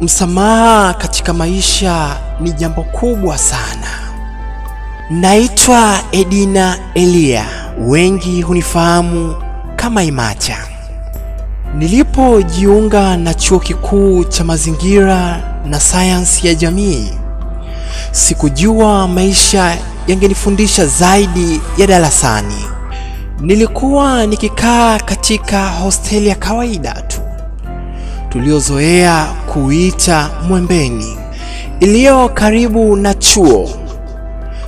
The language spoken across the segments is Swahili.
Msamaha katika maisha ni jambo kubwa sana. Naitwa Edina Elia, wengi hunifahamu kama Imacha. Nilipojiunga na Chuo Kikuu cha Mazingira na Sayansi ya Jamii, sikujua maisha yangenifundisha zaidi ya darasani. Nilikuwa nikikaa katika hosteli ya kawaida tu tuliozoea kuita Mwembeni, iliyo karibu na chuo.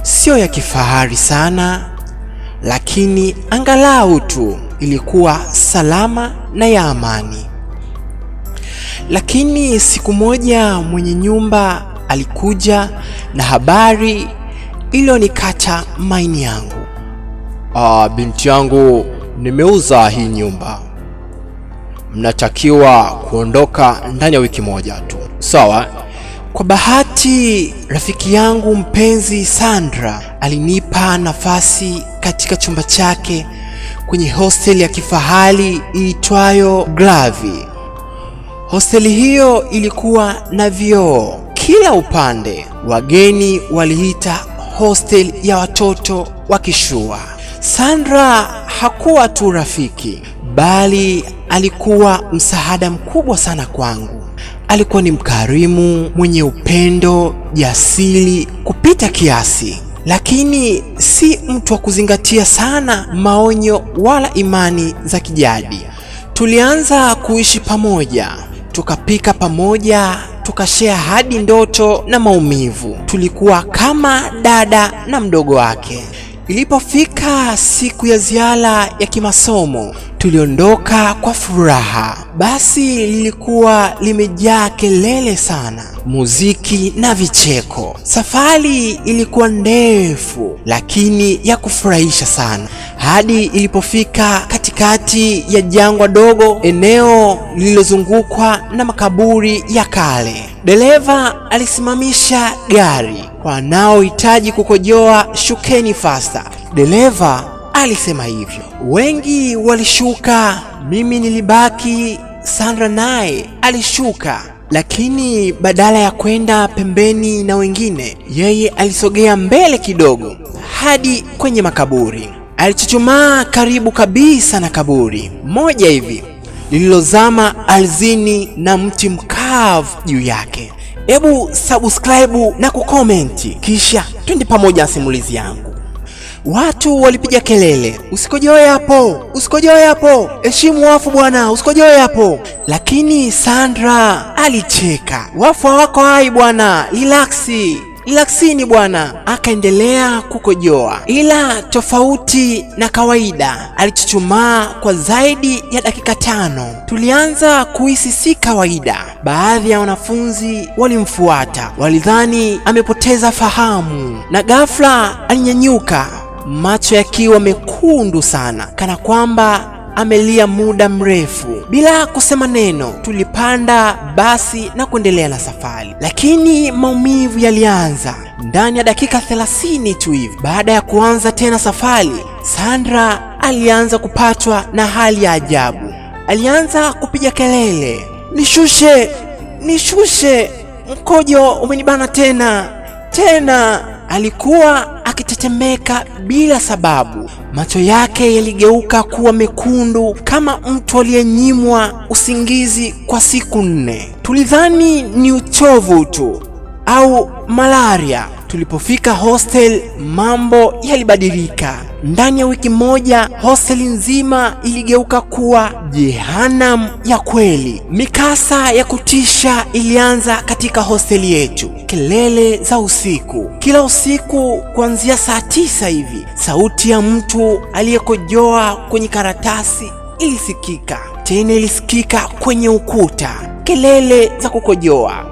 Sio ya kifahari sana, lakini angalau tu ilikuwa salama na ya amani. Lakini siku moja mwenye nyumba alikuja na habari iliyonikata maini yangu. Ah, binti yangu, nimeuza hii nyumba mnatakiwa kuondoka ndani ya wiki moja tu, sawa? Kwa bahati, rafiki yangu mpenzi Sandra alinipa nafasi katika chumba chake kwenye hostel ya kifahari iitwayo Glavi. Hosteli hiyo ilikuwa na vioo kila upande, wageni waliita hostel ya watoto wa kishua. Sandra hakuwa tu rafiki, bali alikuwa msaada mkubwa sana kwangu. Alikuwa ni mkarimu, mwenye upendo, jasiri kupita kiasi, lakini si mtu wa kuzingatia sana maonyo wala imani za kijadi. Tulianza kuishi pamoja, tukapika pamoja, tukashea hadi ndoto na maumivu. Tulikuwa kama dada na mdogo wake. Ilipofika siku ya ziara ya kimasomo, tuliondoka kwa furaha. Basi lilikuwa limejaa kelele sana, muziki na vicheko. Safari ilikuwa ndefu lakini ya kufurahisha sana hadi ilipofika katikati ya jangwa dogo, eneo lililozungukwa na makaburi ya kale. Dereva alisimamisha gari. Wanaohitaji kukojoa, shukeni fasta, dereva alisema hivyo. Wengi walishuka, mimi nilibaki. Sandra naye alishuka lakini badala ya kwenda pembeni na wengine, yeye alisogea mbele kidogo hadi kwenye makaburi alichuchumaa karibu kabisa na kaburi moja hivi lililozama ardhini na mti mkavu juu yake. Hebu subscribe na kukomenti, kisha twende pamoja na simulizi yangu. Watu walipiga kelele, usikojoe hapo, usikojoe hapo, heshimu wafu bwana, usikojoe hapo. Lakini Sandra alicheka, wafu hawako hai bwana, relaksi lakini bwana akaendelea kukojoa, ila tofauti na kawaida alichuchumaa kwa zaidi ya dakika tano. Tulianza kuhisi si kawaida. Baadhi ya wanafunzi walimfuata, walidhani amepoteza fahamu, na ghafla alinyanyuka, macho yakiwa mekundu sana, kana kwamba amelia muda mrefu bila kusema neno. Tulipanda basi na kuendelea na safari, lakini maumivu yalianza ndani ya dakika 30 tu hivi. Baada ya kuanza tena safari, Sandra alianza kupatwa na hali ya ajabu. Alianza kupiga kelele, nishushe, nishushe, mkojo umenibana tena tena. Alikuwa kutetemeka bila sababu. Macho yake yaligeuka kuwa mekundu kama mtu aliyenyimwa usingizi kwa siku nne. Tulidhani ni uchovu tu au malaria. Tulipofika hostel mambo yalibadilika. Ndani ya wiki moja hostel nzima iligeuka kuwa jehanam ya kweli. Mikasa ya kutisha ilianza katika hosteli yetu. Kelele za usiku, kila usiku kuanzia saa tisa hivi, sauti ya mtu aliyekojoa kwenye karatasi ilisikika, tena ilisikika kwenye ukuta, kelele za kukojoa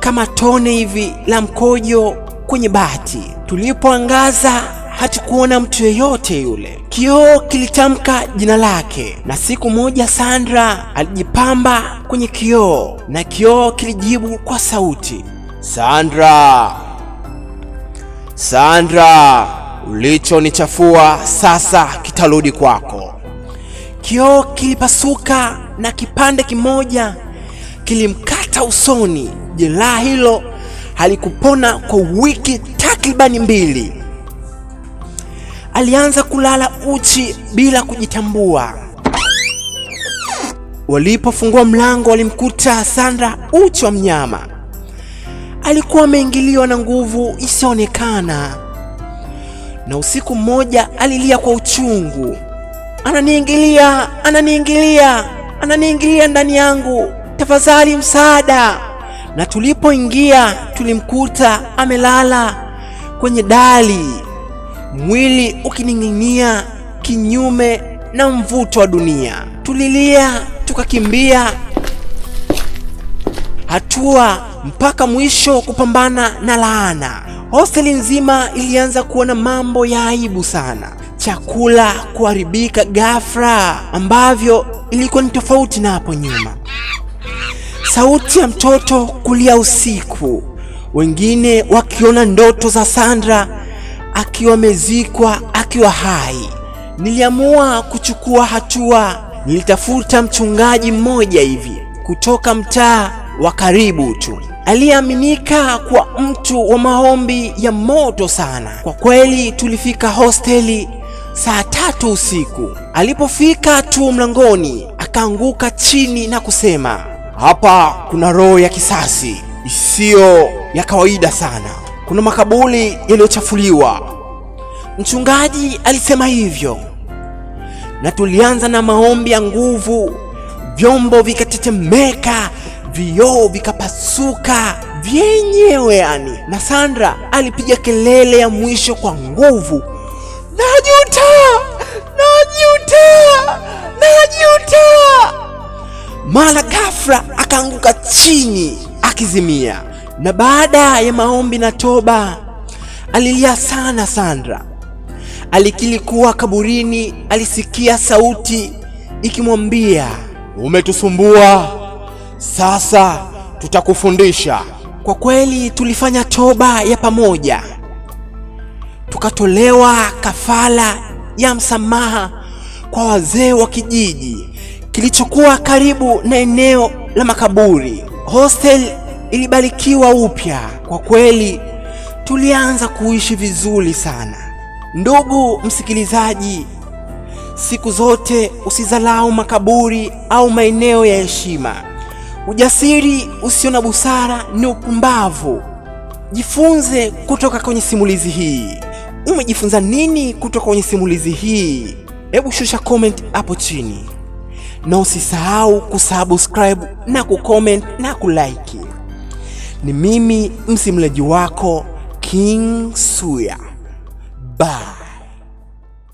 kama tone hivi la mkojo kwenye bati. Tulipoangaza hatukuona mtu yeyote yule. Kioo kilitamka jina lake, na siku moja Sandra alijipamba kwenye kioo na kioo kilijibu kwa sauti, Sandra, Sandra, ulichonichafua sasa kitarudi kwako. Kioo kilipasuka na kipande kimoja kilimkata usoni. Jeraha hilo halikupona kwa wiki takribani mbili. Alianza kulala uchi bila kujitambua. Walipofungua mlango, walimkuta Sandra uchi wa mnyama. Alikuwa ameingiliwa na nguvu isiyoonekana, na usiku mmoja alilia kwa uchungu, ananiingilia, ananiingilia, ananiingilia ndani yangu, tafadhali msaada na tulipoingia tulimkuta amelala kwenye dali, mwili ukining'inia kinyume na mvuto wa dunia. Tulilia tukakimbia hatua mpaka mwisho kupambana na laana. Hosteli nzima ilianza kuona mambo ya aibu sana, chakula kuharibika ghafla ambavyo ilikuwa ni tofauti na hapo nyuma sauti ya mtoto kulia usiku, wengine wakiona ndoto za Sandra akiwa amezikwa akiwa hai. Niliamua kuchukua hatua. Nilitafuta mchungaji mmoja hivi kutoka mtaa wa karibu tu aliyeaminika kwa mtu wa maombi ya moto sana. Kwa kweli, tulifika hosteli saa tatu usiku. Alipofika tu mlangoni, akaanguka chini na kusema hapa kuna roho ya kisasi isiyo ya kawaida sana. Kuna makaburi yaliyochafuliwa. Mchungaji alisema hivyo, na tulianza na maombi ya nguvu, vyombo vikatetemeka, vioo vikapasuka vyenyewe yani, na Sandra alipiga kelele ya mwisho kwa nguvu, najuta, najuta, najuta mara akaanguka chini akizimia. Na baada ya maombi na toba, alilia sana Sandra. Alikiri kuwa kaburini alisikia sauti ikimwambia, umetusumbua, sasa tutakufundisha. Kwa kweli tulifanya toba ya pamoja, tukatolewa kafara ya msamaha kwa wazee wa kijiji kilichokuwa karibu na eneo la makaburi. Hostel ilibarikiwa upya kwa kweli, tulianza kuishi vizuri sana. Ndugu msikilizaji, siku zote usidharau makaburi au maeneo ya heshima. Ujasiri usio na busara ni upumbavu. Jifunze kutoka kwenye simulizi hii. Umejifunza nini kutoka kwenye simulizi hii? Hebu shusha comment hapo chini na usisahau kusubscribe na kucomment na kulike. Ni mimi msimlaji wako King Suya ba